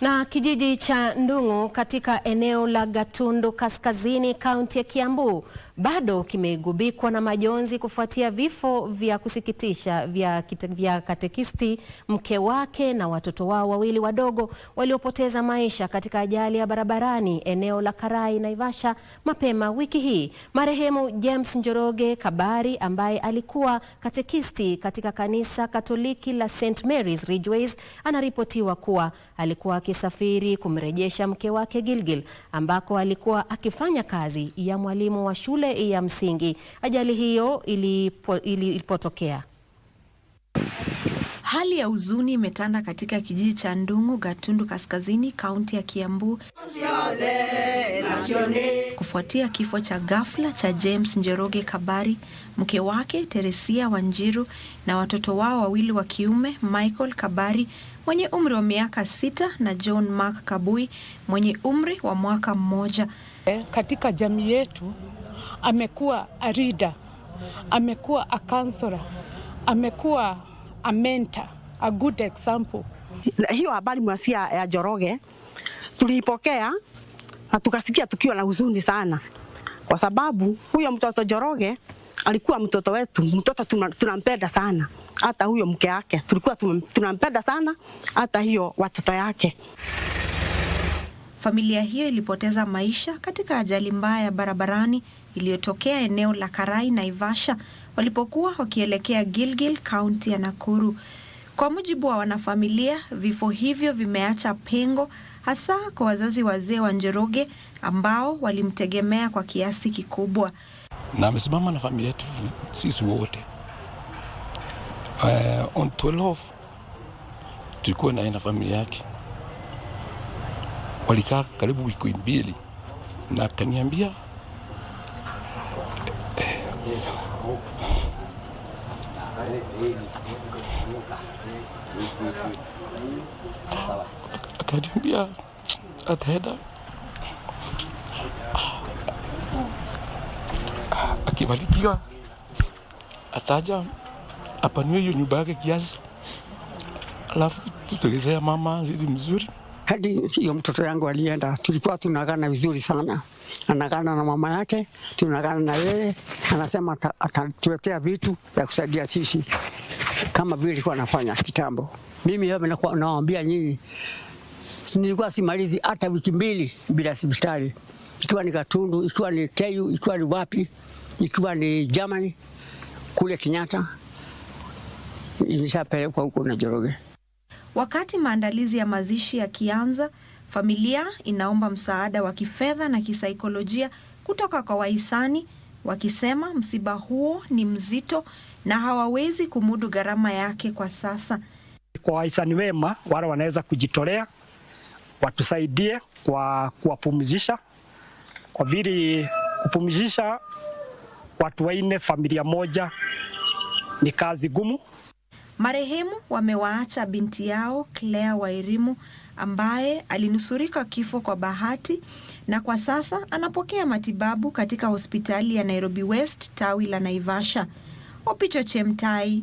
Na kijiji cha Ndung'u katika eneo la Gatundu Kaskazini, kaunti ya Kiambu bado kimegubikwa na majonzi kufuatia vifo vya kusikitisha vya, kite, vya katekisti, mke wake na watoto wao wawili wadogo waliopoteza maisha katika ajali ya barabarani eneo la Karai, Naivasha mapema wiki hii. Marehemu James Njoroge Kabari ambaye alikuwa katekisti katika kanisa Katoliki la St Mary's Ridgeways anaripotiwa kuwa alikuwa akisafiri kumrejesha mke wake Gilgil ambako alikuwa akifanya kazi ya mwalimu wa shule ya msingi. Ajali hiyo ilipotokea ilipotokea Hali ya huzuni imetanda katika kijiji cha Ndung'u, Gatundu Kaskazini, kaunti ya Kiambu kufuatia kifo cha ghafla cha James Njoroge Kabari, mke wake Teresia Wanjiru na watoto wao wawili wa kiume Michael Kabari mwenye umri wa miaka sita na John Mark Kabui mwenye umri wa mwaka mmoja. Katika jamii yetu amekuwa arida, amekuwa akansora, amekuwa a mentor, a good example. Hiyo habari mwasia ya Njoroge tuliipokea na tukasikia tukiwa na huzuni sana, kwa sababu huyo mtoto Joroge alikuwa mtoto wetu, mtoto tunampenda sana, hata huyo mke wake tulikuwa tunampenda sana, hata hiyo watoto yake. Familia hiyo ilipoteza maisha katika ajali mbaya ya barabarani iliyotokea eneo la Karai, Naivasha, walipokuwa wakielekea Gilgil, kaunti ya Nakuru. Kwa mujibu wa wanafamilia, vifo hivyo vimeacha pengo hasa kwa wazazi wazee wa Njoroge ambao walimtegemea kwa kiasi kikubwa. Na amesimama na familia yetu sisi wote. Uh, on 12 tulikuwa naye na familia yake, walikaa karibu wiki mbili, na akaniambia eh, eh, Atakimbia, ataenda akibarikiwa, ataja apanue hiyo nyumba yake kiasi, alafu tutegezea mama zizi mzuri hadi hiyo mtoto yangu alienda, tulikuwa tunagana vizuri sana, anagana na mama yake, tunagana na yeye, anasema atatuletea vitu vya kusaidia sisi kama vile nilikuwa nafanya kitambo. Mimi hapa nakuwa nawaambia nyinyi, nilikuwa simalizi hata wiki mbili bila hospitali, ikiwa ni Katundu, ikiwa ni Keyu, ikiwa ni wapi, ikiwa ni Germany kule Kenyatta, ilishapelekwa huko na Joroge. Wakati maandalizi ya mazishi yakianza, familia inaomba msaada wa kifedha na kisaikolojia kutoka kwa wahisani wakisema msiba huo ni mzito na hawawezi kumudu gharama yake kwa sasa. Kwa wahisani wema, wale wanaweza kujitolea watusaidie kwa kuwapumzisha, kwa vile kupumzisha watu wanne familia moja ni kazi gumu. Marehemu wamewaacha binti yao Claire Wairimu ambaye alinusurika kifo kwa bahati na kwa sasa anapokea matibabu katika hospitali ya Nairobi West tawi la Naivasha. Opicho Chemtai,